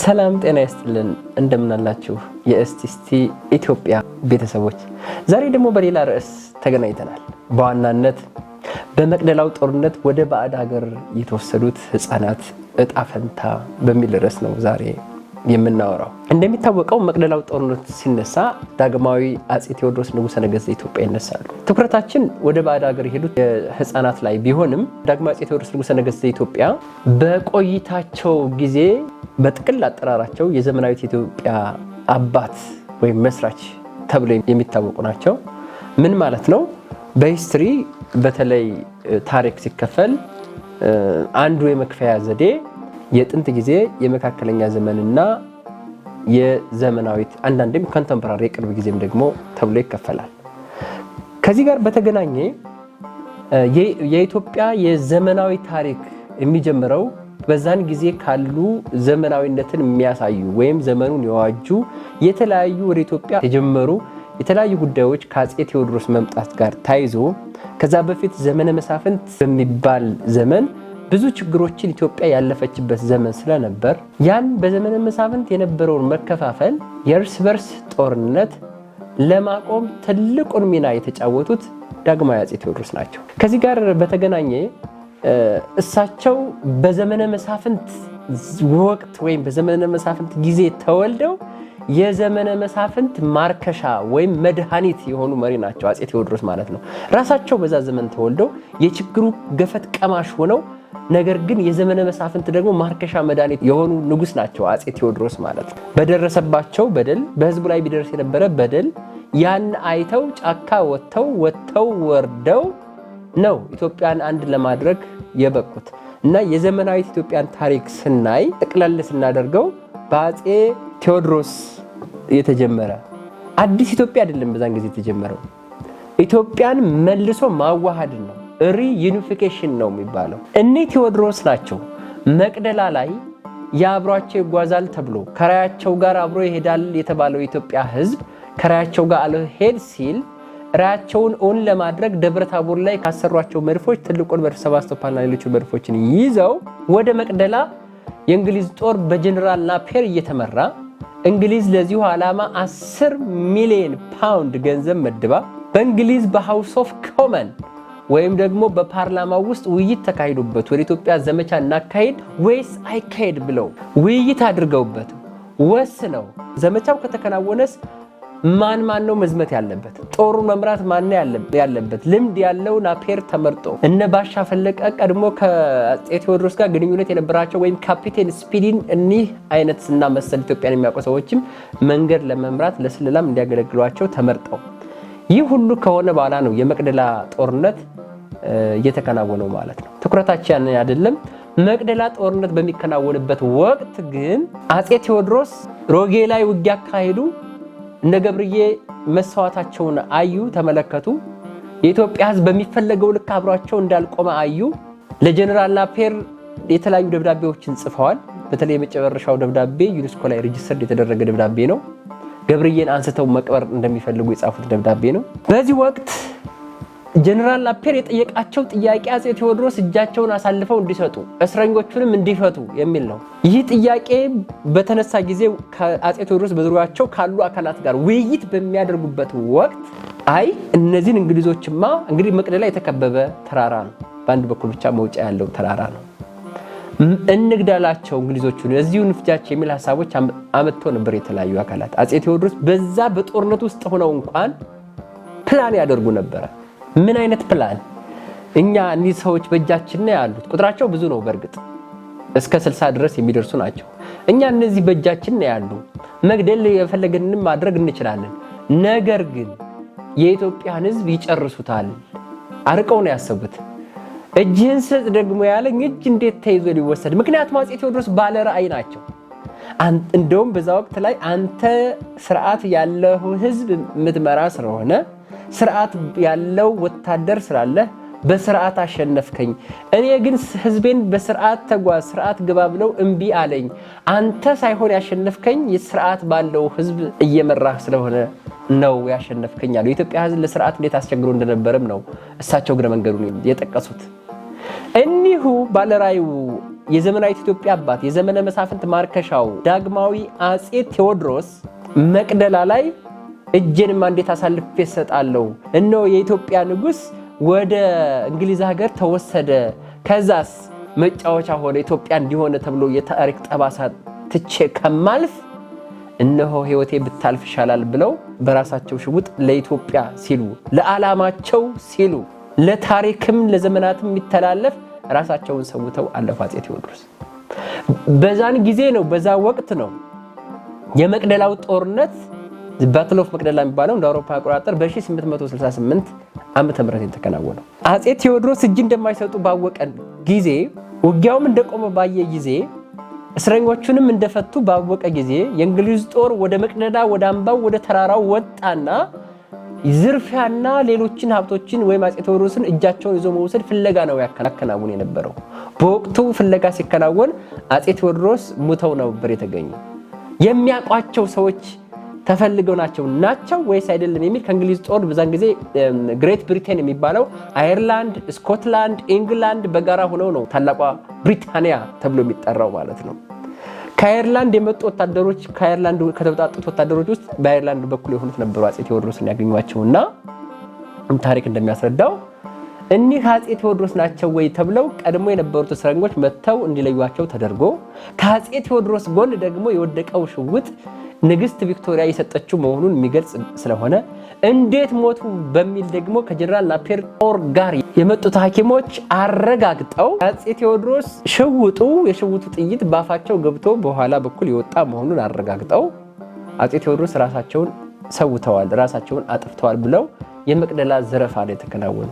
ሰላም ጤና ይስጥልን እንደምናላችሁ የእስቲስቲ ኢትዮጵያ ቤተሰቦች፣ ዛሬ ደግሞ በሌላ ርዕስ ተገናኝተናል። በዋናነት በመቅደላው ጦርነት ወደ ባዕድ ሀገር የተወሰዱት ህፃናት እጣ ፈንታ በሚል ርዕስ ነው ዛሬ የምናወራው። እንደሚታወቀው መቅደላው ጦርነት ሲነሳ ዳግማዊ አጼ ቴዎድሮስ ንጉሠ ነገሥት ኢትዮጵያ ይነሳሉ። ትኩረታችን ወደ ባዕድ ሀገር የሄዱት የህፃናት ላይ ቢሆንም ዳግማዊ አጼ ቴዎድሮስ ንጉሠ ነገሥት ኢትዮጵያ በቆይታቸው ጊዜ በጥቅል አጠራራቸው የዘመናዊት ኢትዮጵያ አባት ወይም መስራች ተብለው የሚታወቁ ናቸው። ምን ማለት ነው? በሂስትሪ በተለይ ታሪክ ሲከፈል አንዱ የመክፈያ ዘዴ የጥንት ጊዜ፣ የመካከለኛ ዘመንና የዘመናዊት አንዳንድም ኮንተምፖራሪ የቅርብ ጊዜም ደግሞ ተብሎ ይከፈላል። ከዚህ ጋር በተገናኘ የኢትዮጵያ የዘመናዊ ታሪክ የሚጀምረው በዛን ጊዜ ካሉ ዘመናዊነትን የሚያሳዩ ወይም ዘመኑን የዋጁ የተለያዩ ወደ ኢትዮጵያ የጀመሩ የተለያዩ ጉዳዮች ከአፄ ቴዎድሮስ መምጣት ጋር ታይዞ ከዛ በፊት ዘመነ መሳፍንት በሚባል ዘመን ብዙ ችግሮችን ኢትዮጵያ ያለፈችበት ዘመን ስለነበር ያን በዘመነ መሳፍንት የነበረውን መከፋፈል፣ የእርስ በርስ ጦርነት ለማቆም ትልቁን ሚና የተጫወቱት ዳግማዊ አፄ ቴዎድሮስ ናቸው። ከዚህ ጋር በተገናኘ እሳቸው በዘመነ መሳፍንት ወቅት ወይም በዘመነ መሳፍንት ጊዜ ተወልደው የዘመነ መሳፍንት ማርከሻ ወይም መድኃኒት የሆኑ መሪ ናቸው። አፄ ቴዎድሮስ ማለት ነው። ራሳቸው በዛ ዘመን ተወልደው የችግሩ ገፈት ቀማሽ ሆነው ነገር ግን የዘመነ መሳፍንት ደግሞ ማርከሻ መድኃኒት የሆኑ ንጉስ ናቸው። አፄ ቴዎድሮስ ማለት ነው። በደረሰባቸው በደል፣ በህዝቡ ላይ ቢደርስ የነበረ በደል ያን አይተው ጫካ ወጥተው ወጥተው ወርደው ነው ኢትዮጵያን አንድ ለማድረግ የበቁት እና የዘመናዊት ኢትዮጵያን ታሪክ ስናይ ጠቅለል ስናደርገው በአፄ ቴዎድሮስ የተጀመረ አዲስ ኢትዮጵያ አይደለም። በዛን ጊዜ የተጀመረው ኢትዮጵያን መልሶ ማዋሃድን ነው፣ ሪዩኒፊኬሽን ነው የሚባለው። እኔ ቴዎድሮስ ናቸው መቅደላ ላይ የአብሯቸው ይጓዛል ተብሎ ከራያቸው ጋር አብሮ ይሄዳል የተባለው የኢትዮጵያ ሕዝብ ከራያቸው ጋር አልሄድ ሲል ራያቸውን ኦን ለማድረግ ደብረ ታቦር ላይ ካሰሯቸው መድፎች ትልቁን መድፍ ሰባስቶፓና ሌሎች መድፎችን ይዘው ወደ መቅደላ የእንግሊዝ ጦር በጀኔራል ናፔር እየተመራ እንግሊዝ ለዚሁ ዓላማ 10 ሚሊዮን ፓውንድ ገንዘብ መድባ በእንግሊዝ በሃውስ ኦፍ ኮመን ወይም ደግሞ በፓርላማ ውስጥ ውይይት ተካሂዶበት ወደ ኢትዮጵያ ዘመቻ እናካሄድ ወይስ አይካሄድ ብለው ውይይት አድርገውበት ወስነው ዘመቻው ከተከናወነስ ማን ማን ነው መዝመት ያለበት? ጦሩን መምራት ማን ያለበት? ልምድ ያለው ናፔር ተመርጦ እነ ባሻ ፈለቀ ቀድሞ ከአፄ ቴዎድሮስ ጋር ግንኙነት የነበራቸው ወይም ካፒቴን ስፒዲን እኒህ አይነት እና መሰል ኢትዮጵያን የሚያውቁ ሰዎችም መንገድ ለመምራት ለስለላም እንዲያገለግሏቸው ተመርጠው ይህ ሁሉ ከሆነ በኋላ ነው የመቅደላ ጦርነት እየተከናወነው ማለት ነው። ትኩረታችን አይደለም። መቅደላ ጦርነት በሚከናወንበት ወቅት ግን አፄ ቴዎድሮስ ሮጌ ላይ ውጊያ አካሄዱ። እነ ገብርዬ መስዋዕታቸውን አዩ፣ ተመለከቱ። የኢትዮጵያ ሕዝብ በሚፈለገው ልክ አብሯቸው እንዳልቆመ አዩ። ለጀኔራል ናፔር የተለያዩ ደብዳቤዎችን ጽፈዋል። በተለይ የመጨረሻው ደብዳቤ ዩኔስኮ ላይ ሬጅስተር የተደረገ ደብዳቤ ነው። ገብርዬን አንስተው መቅበር እንደሚፈልጉ የጻፉት ደብዳቤ ነው። በዚህ ወቅት ጀኔራል ላፔር የጠየቃቸው ጥያቄ አጼ ቴዎድሮስ እጃቸውን አሳልፈው እንዲሰጡ እስረኞቹንም እንዲፈቱ የሚል ነው። ይህ ጥያቄ በተነሳ ጊዜ አጼ ቴዎድሮስ በዙሪያቸው ካሉ አካላት ጋር ውይይት በሚያደርጉበት ወቅት አይ እነዚህን እንግሊዞችማ እንግዲህ መቅደላ የተከበበ ተራራ ነው፣ በአንድ በኩል ብቻ መውጫ ያለው ተራራ ነው፣ እንግዳላቸው እንግሊዞቹን እዚሁ ንፍጃቸው የሚል ሀሳቦች አመጥቶ ነበር የተለያዩ አካላት። አጼ ቴዎድሮስ በዛ በጦርነት ውስጥ ሆነው እንኳን ፕላን ያደርጉ ነበረ። ምን አይነት ፕላን እኛ እኒህ ሰዎች በእጃችን ነው ያሉት። ቁጥራቸው ብዙ ነው፣ በእርግጥ እስከ ስልሳ ድረስ የሚደርሱ ናቸው። እኛ እነዚህ በእጃችን ነው ያሉ፣ መግደል የፈለገንም ማድረግ እንችላለን። ነገር ግን የኢትዮጵያን ሕዝብ ይጨርሱታል። አርቀው ነው ያሰቡት። እጅህን ስጥ ደግሞ ያለኝ እጅ እንዴት ተይዞ ሊወሰድ? ምክንያቱም አፄ ቴዎድሮስ ባለ ራዕይ ናቸው። እንደውም በዛ ወቅት ላይ አንተ ስርዓት ያለው ሕዝብ የምትመራ ስለሆነ ስርዓት ያለው ወታደር ስላለ በስርዓት አሸነፍከኝ። እኔ ግን ህዝቤን በስርዓት ተጓዝ፣ ስርዓት ግባ ብለው እምቢ አለኝ። አንተ ሳይሆን ያሸነፍከኝ ስርዓት ባለው ህዝብ እየመራህ ስለሆነ ነው ያሸነፍከኝ አሉ። የኢትዮጵያ ህዝብ ለስርዓት እንዴት አስቸግሮ እንደነበረም ነው እሳቸው እግረ መንገዱን የጠቀሱት። እኒሁ ባለራዩ የዘመናዊት ኢትዮጵያ አባት የዘመነ መሳፍንት ማርከሻው ዳግማዊ አፄ ቴዎድሮስ መቅደላ ላይ እጄንማ እንዴት አሳልፌ እሰጣለሁ? እነሆ የኢትዮጵያ ንጉሥ ወደ እንግሊዝ ሀገር ተወሰደ፣ ከዛስ መጫወቻ ሆነ፣ ኢትዮጵያ እንዲሆነ ተብሎ የታሪክ ጠባሳ ትቼ ከማልፍ እነሆ ሕይወቴ ብታልፍ ይሻላል ብለው በራሳቸው ሽጉጥ ለኢትዮጵያ ሲሉ ለዓላማቸው ሲሉ ለታሪክም ለዘመናትም የሚተላለፍ ራሳቸውን ሰውተው አለፉ አፄ ቴዎድሮስ። በዛን ጊዜ ነው፣ በዛ ወቅት ነው የመቅደላው ጦርነት ባትል ኦፍ መቅደላ የሚባለው እንደ አውሮፓ አቆጣጠር በ1868 ዓ ም የተከናወነው አጼ ቴዎድሮስ እጅ እንደማይሰጡ ባወቀን ጊዜ ውጊያውም እንደቆመ ባየ ጊዜ እስረኞቹንም እንደፈቱ ባወቀ ጊዜ የእንግሊዝ ጦር ወደ መቅደላ ወደ አምባው ወደ ተራራው ወጣና ዝርፊያና ሌሎችን ሀብቶችን ወይም አጼ ቴዎድሮስን እጃቸውን ይዞ መውሰድ ፍለጋ ነው ያከናውን የነበረው። በወቅቱ ፍለጋ ሲከናወን አጼ ቴዎድሮስ ሙተው ነበር የተገኙ የሚያውቋቸው ሰዎች ተፈልገው ናቸው ናቸው ወይስ አይደለም የሚል ከእንግሊዝ ጦር በዛን ጊዜ ግሬት ብሪቴን የሚባለው አየርላንድ፣ ስኮትላንድ፣ ኢንግላንድ በጋራ ሆነው ነው ታላቋ ብሪታንያ ተብሎ የሚጠራው ማለት ነው። ከአየርላንድ የመጡ ወታደሮች ከአየርላንድ ከተውጣጡት ወታደሮች ውስጥ በአየርላንድ በኩል የሆኑት ነበሩ አፄ ቴዎድሮስን ያገኟቸው እና ታሪክ እንደሚያስረዳው እኒህ አፄ ቴዎድሮስ ናቸው ወይ ተብለው ቀድሞ የነበሩት እስረኞች መጥተው እንዲለዩቸው ተደርጎ ከአፄ ቴዎድሮስ ጎን ደግሞ የወደቀው ሽውጥ ንግስት ቪክቶሪያ የሰጠችው መሆኑን የሚገልጽ ስለሆነ እንዴት ሞቱ በሚል ደግሞ ከጀነራል ላፔር ጦር ጋር የመጡት ሐኪሞች አረጋግጠው አፄ ቴዎድሮስ ሽውጡ የሽውጡ ጥይት በአፋቸው ገብቶ በኋላ በኩል የወጣ መሆኑን አረጋግጠው አፄ ቴዎድሮስ ራሳቸውን ሰውተዋል፣ ራሳቸውን አጥፍተዋል ብለው የመቅደላ ዘረፋ ነው የተከናወኑ።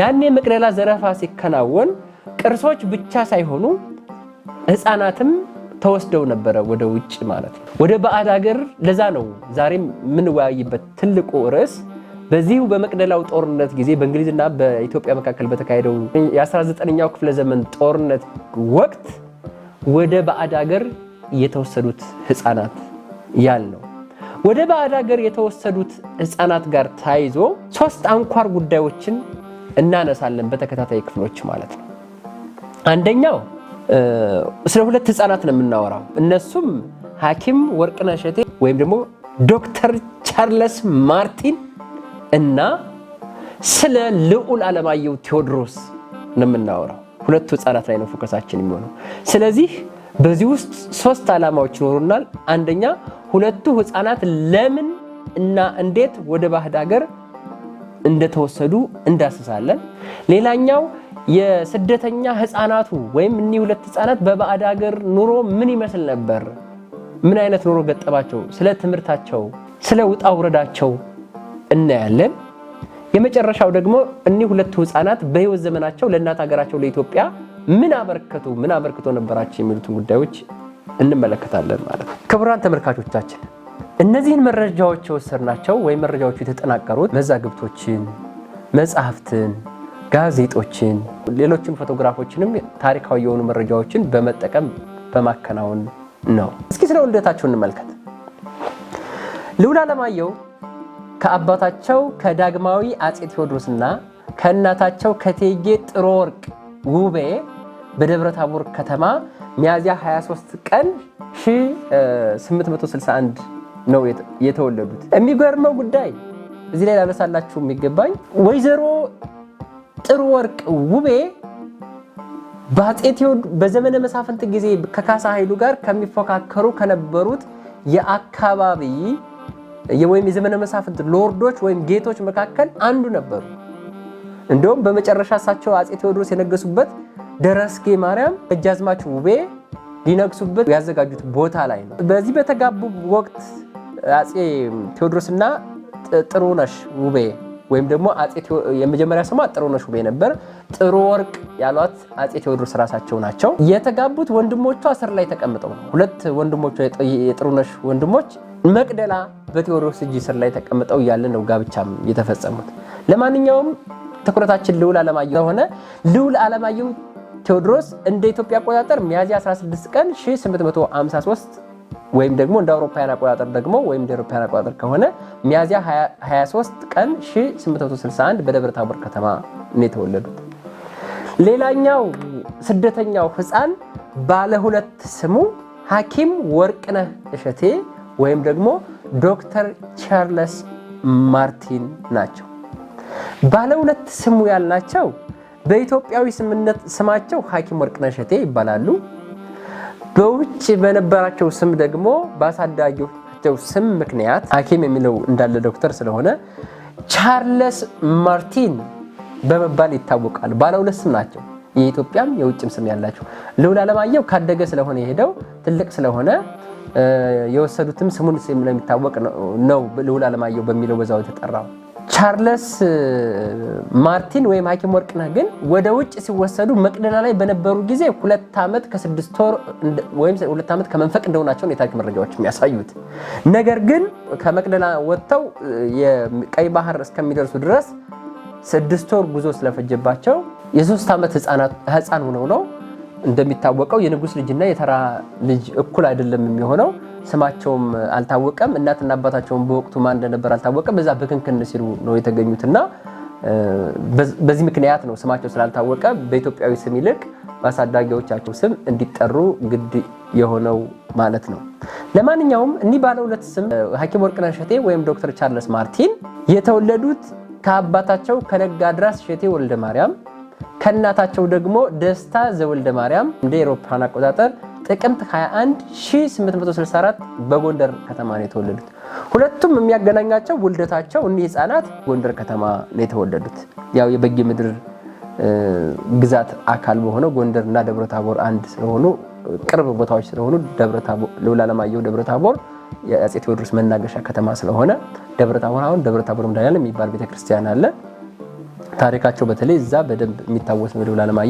ያን የመቅደላ ዘረፋ ሲከናወን ቅርሶች ብቻ ሳይሆኑ ህፃናትም ተወስደው ነበረ ወደ ውጭ ማለት ነው፣ ወደ ባዕድ ሀገር። ለዛ ነው ዛሬም የምንወያይበት ትልቁ ርዕስ በዚሁ በመቅደላው ጦርነት ጊዜ በእንግሊዝና በኢትዮጵያ መካከል በተካሄደው የ19ኛው ክፍለ ዘመን ጦርነት ወቅት ወደ ባዕድ ሀገር የተወሰዱት ህፃናት ያል ነው። ወደ ባዕድ ሀገር የተወሰዱት ህፃናት ጋር ተያይዞ ሶስት አንኳር ጉዳዮችን እናነሳለን በተከታታይ ክፍሎች ማለት ነው። አንደኛው ስለ ሁለት ህፃናት ነው የምናወራው። እነሱም ሐኪም ወርቅነህ እሸቴ ወይም ደግሞ ዶክተር ቻርለስ ማርቲን እና ስለ ልዑል አለማየሁ ቴዎድሮስ ነው የምናወራው። ሁለቱ ህፃናት ላይ ነው ፎከሳችን የሚሆነው። ስለዚህ በዚህ ውስጥ ሶስት ዓላማዎች ይኖሩናል። አንደኛ ሁለቱ ህፃናት ለምን እና እንዴት ወደ ባህድ ሀገር እንደተወሰዱ እንዳስሳለን። ሌላኛው የስደተኛ ህፃናቱ ወይም እኒህ ሁለት ህፃናት በባዕድ ሀገር ኑሮ ምን ይመስል ነበር? ምን አይነት ኑሮ ገጠባቸው? ስለ ትምህርታቸው፣ ስለ ውጣ ውረዳቸው እናያለን። የመጨረሻው ደግሞ እኒህ ሁለቱ ህፃናት በህይወት ዘመናቸው ለእናት ሀገራቸው ለኢትዮጵያ ምን አበረከቱ፣ ምን አበርክቶ ነበራቸው የሚሉትን ጉዳዮች እንመለከታለን ማለት ነው። ክቡራን ተመልካቾቻችን እነዚህን መረጃዎች የወሰድናቸው ወይም መረጃዎቹ የተጠናቀሩት መዛግብቶችን፣ መጽሐፍትን ጋዜጦችን፣ ሌሎችን ፎቶግራፎችንም ታሪካዊ የሆኑ መረጃዎችን በመጠቀም በማከናወን ነው። እስኪ ስለ ውልደታቸው እንመልከት። ልዑል ዓለማየሁ ከአባታቸው ከዳግማዊ አፄ ቴዎድሮስና ከእናታቸው ከቴጌ ጥሩ ወርቅ ውቤ በደብረ ታቦር ከተማ ሚያዝያ 23 ቀን 1861 ነው የተወለዱት። የሚገርመው ጉዳይ እዚህ ላይ ላነሳላችሁ የሚገባኝ ወይዘሮ ጥሩ ወርቅ ውቤ በአፄ ቴዎድ በዘመነ መሳፍንት ጊዜ ከካሳ ኃይሉ ጋር ከሚፎካከሩ ከነበሩት የአካባቢ ወይም የዘመነ መሳፍንት ሎርዶች ወይም ጌቶች መካከል አንዱ ነበሩ። እንደውም በመጨረሻ እሳቸው አፄ ቴዎድሮስ የነገሱበት ደረስጌ ማርያም እጃዝማች ውቤ ሊነግሱበት ያዘጋጁት ቦታ ላይ ነው። በዚህ በተጋቡ ወቅት አፄ ቴዎድሮስና ጥሩነሽ ውቤ ወይም ደግሞ የመጀመሪያ ስሟ ጥሩነሽ ውቤ ነበር። ጥሩ ወርቅ ያሏት አፄ ቴዎድሮስ ራሳቸው ናቸው። የተጋቡት ወንድሞቿ እስር ላይ ተቀምጠው ነው። ሁለት ወንድሞቿ የጥሩነሽ ወንድሞች መቅደላ በቴዎድሮስ እጅ እስር ላይ ተቀምጠው እያለ ነው ጋብቻም የተፈጸሙት። ለማንኛውም ትኩረታችን ልዑል አለማየሁ ከሆነ ልዑል አለማየሁ ቴዎድሮስ እንደ ኢትዮጵያ አቆጣጠር ሚያዝያ 16 ቀን 1853 ወይም ደግሞ እንደ አውሮፓውያን አቆጣጠር ደግሞ ወይም እንደ አውሮፓውያን አቆጣጠር ከሆነ ሚያዚያ 23 ቀን 1861 በደብረ ታቦር ከተማ ነው የተወለዱት። ሌላኛው ስደተኛው ህፃን ባለ ሁለት ስሙ ሐኪም ወርቅነህ እሸቴ ወይም ደግሞ ዶክተር ቻርለስ ማርቲን ናቸው። ባለ ሁለት ስሙ ያልናቸው በኢትዮጵያዊ ስምነት ስማቸው ሐኪም ወርቅነህ እሸቴ ይባላሉ። በውጭ በነበራቸው ስም ደግሞ በአሳዳጊቸው ስም ምክንያት ሐኪም የሚለው እንዳለ ዶክተር ስለሆነ ቻርለስ ማርቲን በመባል ይታወቃል። ባለሁለት ስም ናቸው። የኢትዮጵያም የውጭም ስም ያላቸው ልዑል አለማየሁ ካደገ ስለሆነ የሄደው ትልቅ ስለሆነ የወሰዱትም ስሙን ስለሚታወቅ ነው ልዑል አለማየሁ በሚለው በዛው የተጠራው ቻርለስ ማርቲን ወይም ሐኪም ወርቅነህ ግን ወደ ውጭ ሲወሰዱ መቅደላ ላይ በነበሩ ጊዜ ሁለት ዓመት ከስድስት ወር ወይም ሁለት ዓመት ከመንፈቅ እንደሆናቸው የታሪክ መረጃዎች የሚያሳዩት፣ ነገር ግን ከመቅደላ ወጥተው የቀይ ባህር እስከሚደርሱ ድረስ ስድስት ወር ጉዞ ስለፈጀባቸው የሶስት ዓመት ህፃን ሆነው ነው እንደሚታወቀው የንጉስ ልጅና የተራ ልጅ እኩል አይደለም የሚሆነው። ስማቸውም አልታወቀም። እናትና አባታቸውን በወቅቱ ማን እንደነበር አልታወቀም። በዛ በክንክን ሲሉ ነው የተገኙትና በዚህ ምክንያት ነው ስማቸው ስላልታወቀ በኢትዮጵያዊ ስም ይልቅ በአሳዳጊዎቻቸው ስም እንዲጠሩ ግድ የሆነው ማለት ነው። ለማንኛውም እኒህ ባለ ሁለት ስም ሐኪም ወርቅነህ ሸቴ ወይም ዶክተር ቻርለስ ማርቲን የተወለዱት ከአባታቸው ከነጋድራስ ሸቴ ወልደ ማርያም ከእናታቸው ደግሞ ደስታ ዘወልደ ማርያም እንደ ኤሮፓን አቆጣጠር ጥቅምት 21 1864 በጎንደር ከተማ ነው የተወለዱት። ሁለቱም የሚያገናኛቸው ውልደታቸው እኒህ ህፃናት ጎንደር ከተማ ነው የተወለዱት። ያው የበጌ ምድር ግዛት አካል በሆነው ጎንደር እና ደብረ ታቦር አንድ ስለሆኑ ቅርብ ቦታዎች ስለሆኑ ልዑል ዓለማየሁ ደብረ ታቦር የአፄ ቴዎድሮስ መናገሻ ከተማ ስለሆነ ደብረ ታቦር አሁን ደብረ ታቦር መድኃኔዓለም የሚባል ቤተክርስቲያን አለ። ታሪካቸው በተለይ እዛ በደንብ የሚታወስ ነው። ደብላ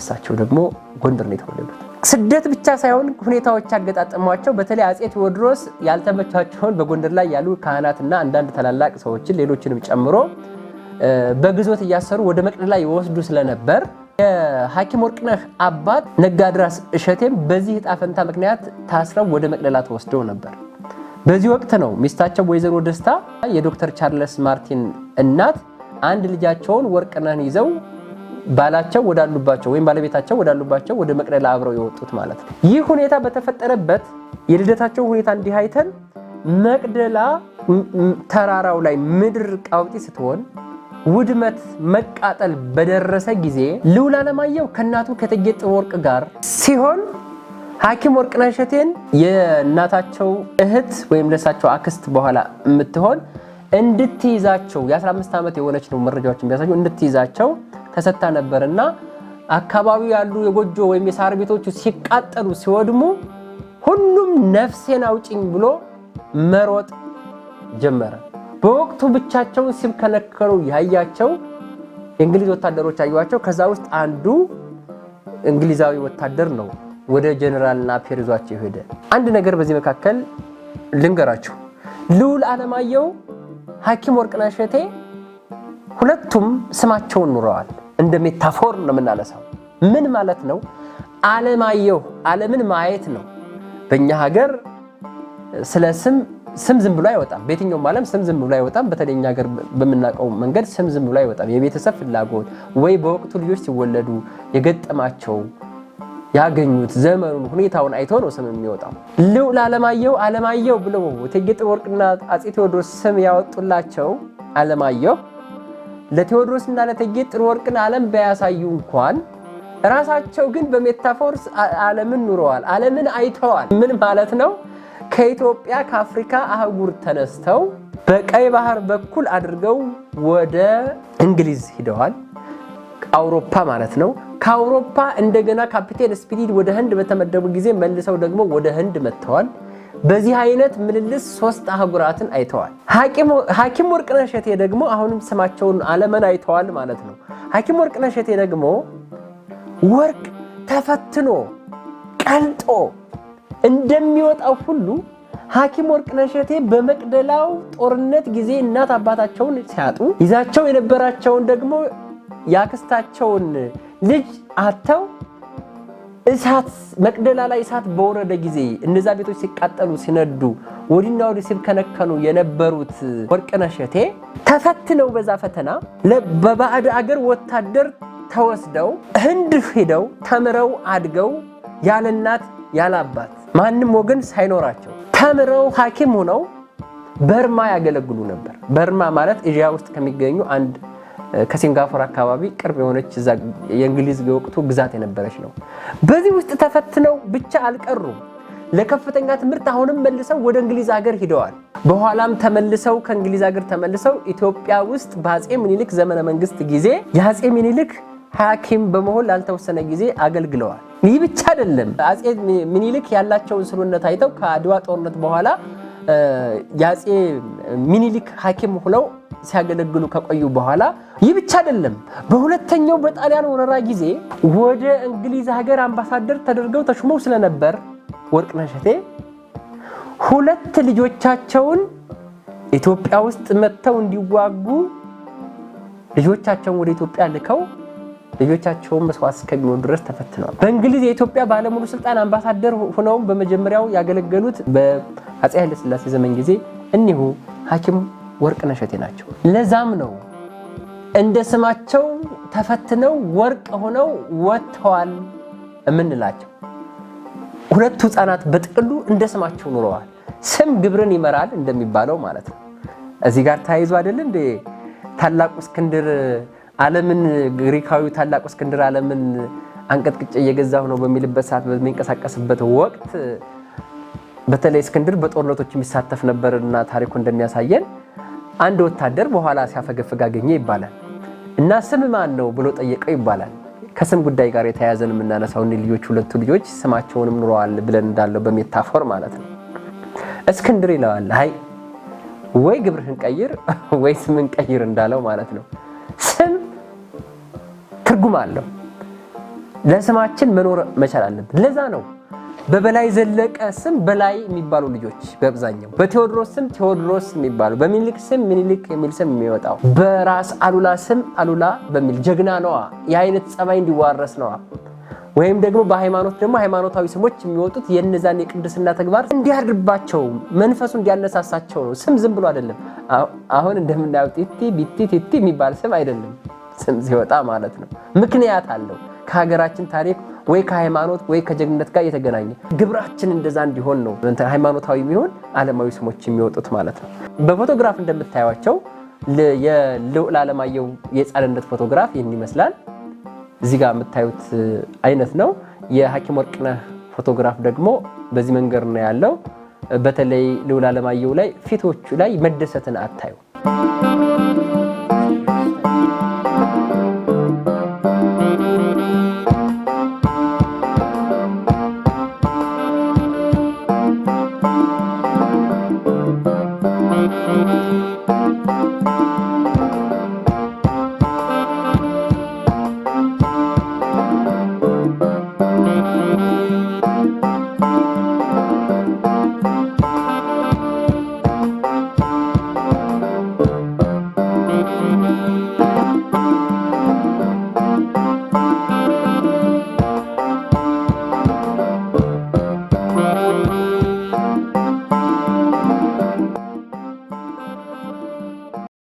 እሳቸው ደግሞ ጎንደር ነው የተወለዱት። ስደት ብቻ ሳይሆን ሁኔታዎች ያገጣጠሟቸው በተለይ አፄ ቴዎድሮስ ያልተመቻቸውን በጎንደር ላይ ያሉ ካህናትና አንዳንድ ታላላቅ ሰዎችን ሌሎችንም ጨምሮ በግዞት እያሰሩ ወደ መቅደላ ይወስዱ ስለነበር የሐኪም ወርቅነህ አባት ነጋድራስ እሸቴም በዚህ ጣፈንታ ፈንታ ምክንያት ታስረው ወደ መቅደላ ተወስደው ነበር። በዚህ ወቅት ነው ሚስታቸው ወይዘሮ ደስታ የዶክተር ቻርለስ ማርቲን እናት አንድ ልጃቸውን ወርቅናን ይዘው ባላቸው ወዳሉባቸው ወይም ባለቤታቸው ወዳሉባቸው ወደ መቅደላ አብረው የወጡት ማለት ነው። ይህ ሁኔታ በተፈጠረበት የልደታቸው ሁኔታ እንዲህ አይተን መቅደላ ተራራው ላይ ምድር ቃውጢ ስትሆን ውድመት መቃጠል በደረሰ ጊዜ ልዑል ዓለማየሁ ከእናቱ ከእቴጌ ወርቅ ጋር ሲሆን ሐኪም ወርቅነህ እሸቴን የእናታቸው እህት ወይም ለእሳቸው አክስት በኋላ የምትሆን እንድትይዛቸው የ15 ዓመት የሆነች ነው መረጃዎች የሚያሳዩ እንድትይዛቸው ተሰጥታ ነበርና አካባቢው ያሉ የጎጆ ወይም የሳር ቤቶቹ ሲቃጠሉ ሲወድሙ ሁሉም ነፍሴን አውጭኝ ብሎ መሮጥ ጀመረ። በወቅቱ ብቻቸውን ሲብከነከኑ ያያቸው የእንግሊዝ ወታደሮች አዩዋቸው። ከዛ ውስጥ አንዱ እንግሊዛዊ ወታደር ነው ወደ ጀኔራል ናፒየር ይዟቸው ሄደ። አንድ ነገር በዚህ መካከል ልንገራችሁ። ልዑል ዓለማየሁ ሐኪም ወርቅነህ እሸቴ ሁለቱም ስማቸውን ኑረዋል። እንደ ሜታፎር ነው የምናነሳው። ምን ማለት ነው? አለማየሁ አለምን ማየት ነው። በእኛ ሀገር ስለ ስም ስም ዝም ብሎ አይወጣም። በየትኛውም ዓለም ስም ዝም ብሎ አይወጣም። በተለይ እኛ ሀገር በምናውቀው መንገድ ስም ዝም ብሎ አይወጣም። የቤተሰብ ፍላጎት ወይ በወቅቱ ልጆች ሲወለዱ የገጠማቸው ያገኙት ዘመኑን ሁኔታውን አይተው ነው ስም የሚወጣው። ልዑል አለማየሁ አለማየሁ ብለው እቴጌ ጥሩወርቅና አፄ ቴዎድሮስ ስም ያወጡላቸው አለማየሁ ለቴዎድሮስና ለእቴጌ ጥሩወርቅን ዓለም ባያሳዩ እንኳን ራሳቸው ግን በሜታፎርስ ዓለምን ኑረዋል፣ ዓለምን አይተዋል። ምን ማለት ነው? ከኢትዮጵያ ከአፍሪካ አህጉር ተነስተው በቀይ ባህር በኩል አድርገው ወደ እንግሊዝ ሂደዋል፣ አውሮፓ ማለት ነው። ከአውሮፓ እንደገና ካፒቴን ስፒሪድ ወደ ህንድ በተመደቡ ጊዜ መልሰው ደግሞ ወደ ህንድ መጥተዋል። በዚህ አይነት ምልልስ ሶስት አህጉራትን አይተዋል። ሐኪም ወርቅነህ ደግሞ አሁንም ስማቸውን አለመን አይተዋል ማለት ነው። ሐኪም ወርቅነህ ደግሞ ወርቅ ተፈትኖ ቀልጦ እንደሚወጣው ሁሉ ሐኪም ወርቅነህ በመቅደላው ጦርነት ጊዜ እናት አባታቸውን ሲያጡ ይዛቸው የነበራቸውን ደግሞ የአክስታቸውን ልጅ አተው እሳት መቅደላ ላይ እሳት በወረደ ጊዜ እነዛ ቤቶች ሲቃጠሉ ሲነዱ ወዲና ወዲ ሲብከነከኑ የነበሩት ወርቅነሸቴ ተፈትነው በዛ ፈተና በባዕድ አገር ወታደር ተወስደው ህንድ ሄደው ተምረው አድገው ያለ እናት ያለ አባት ማንም ወገን ሳይኖራቸው ተምረው ሐኪም ሆነው በርማ ያገለግሉ ነበር። በርማ ማለት ኤዥያ ውስጥ ከሚገኙ አንድ ከሲንጋፖር አካባቢ ቅርብ የሆነች የእንግሊዝ የወቅቱ ግዛት የነበረች ነው። በዚህ ውስጥ ተፈትነው ብቻ አልቀሩም። ለከፍተኛ ትምህርት አሁንም መልሰው ወደ እንግሊዝ ሀገር ሂደዋል። በኋላም ተመልሰው ከእንግሊዝ ሀገር ተመልሰው ኢትዮጵያ ውስጥ በአፄ ምኒልክ ዘመነ መንግስት ጊዜ የአፄ ምኒልክ ሐኪም በመሆን ላልተወሰነ ጊዜ አገልግለዋል። ይህ ብቻ አይደለም። አፄ ምኒልክ ያላቸውን ስሉነት አይተው ከአድዋ ጦርነት በኋላ የአፄ ምኒልክ ሐኪም ሁነው ሲያገለግሉ ከቆዩ በኋላ ይህ ብቻ አይደለም። በሁለተኛው በጣሊያን ወረራ ጊዜ ወደ እንግሊዝ ሀገር አምባሳደር ተደርገው ተሹመው ስለነበር ወርቅነህ እሸቴ ሁለት ልጆቻቸውን ኢትዮጵያ ውስጥ መጥተው እንዲዋጉ ልጆቻቸውን ወደ ኢትዮጵያ ልከው ልጆቻቸውን መስዋዕት እስከሚሆኑ ድረስ ተፈትነዋል። በእንግሊዝ የኢትዮጵያ ባለሙሉ ስልጣን አምባሳደር ሆነውም በመጀመሪያው ያገለገሉት በአፄ ኃይለስላሴ ዘመን ጊዜ እኒሁ ሐኪም ወርቅ ነሸቴ ናቸው። ለዛም ነው እንደ ስማቸው ተፈትነው ወርቅ ሆነው ወጥተዋል የምንላቸው። ሁለቱ ህፃናት በጥቅሉ እንደ ስማቸው ኑረዋል። ስም ግብርን ይመራል እንደሚባለው ማለት ነው። እዚህ ጋር ተያይዞ አይደል እንዴ ታላቁ እስክንድር ዓለምን ግሪካዊ ታላቁ እስክንድር ዓለምን አንቀጥቅጭ እየገዛሁ ነው በሚልበት ሰዓት በሚንቀሳቀስበት ወቅት በተለይ እስክንድር በጦርነቶች የሚሳተፍ ነበርና ታሪኩ እንደሚያሳየን አንድ ወታደር በኋላ ሲያፈገፍግ አገኘ ይባላል እና ስም ማን ነው ብሎ ጠየቀው ይባላል። ከስም ጉዳይ ጋር የተያያዘን የምናነሳው ልጆች ሁለቱ ልጆች ስማቸውንም ኑረዋል ብለን እንዳለው በሜታፎር ማለት ነው። እስክንድር ይለዋል። አይ ወይ ግብርህን ቀይር ወይ ስምን ቀይር እንዳለው ማለት ነው። ስም ትርጉም አለው። ለስማችን መኖር መቻል አለብን። ለዛ ነው በበላይ ዘለቀ ስም በላይ የሚባሉ ልጆች በአብዛኛው በቴዎድሮስ ስም ቴዎድሮስ የሚባሉ በሚኒሊክ ስም ሚኒሊክ የሚል ስም የሚወጣው በራስ አሉላ ስም አሉላ በሚል ጀግና ነዋ። የአይነት ጸባይ እንዲዋረስ ነዋ። ወይም ደግሞ በሃይማኖት ደግሞ ሃይማኖታዊ ስሞች የሚወጡት የነዛን የቅድስና ተግባር እንዲያድርባቸው መንፈሱ እንዲያነሳሳቸው ነው። ስም ዝም ብሎ አይደለም። አሁን እንደምናየው ጢቲ ቢቲ ቲቲ የሚባል ስም አይደለም። ስም ሲወጣ ማለት ነው ምክንያት አለው ከሀገራችን ታሪክ ወይ ከሃይማኖት ወይ ከጀግንነት ጋር የተገናኘ ግብራችን እንደዛ እንዲሆን ነው። ሃይማኖታዊ የሚሆን አለማዊ ስሞች የሚወጡት ማለት ነው። በፎቶግራፍ እንደምታዩቸው የልዑል ዓለማየሁ የጻልነት ፎቶግራፍ ይህን ይመስላል። እዚህ ጋር የምታዩት አይነት ነው። የሐኪም ወርቅነህ ፎቶግራፍ ደግሞ በዚህ መንገድ ነው ያለው። በተለይ ልዑል ዓለማየሁ ላይ ፊቶቹ ላይ መደሰትን አታዩ። Música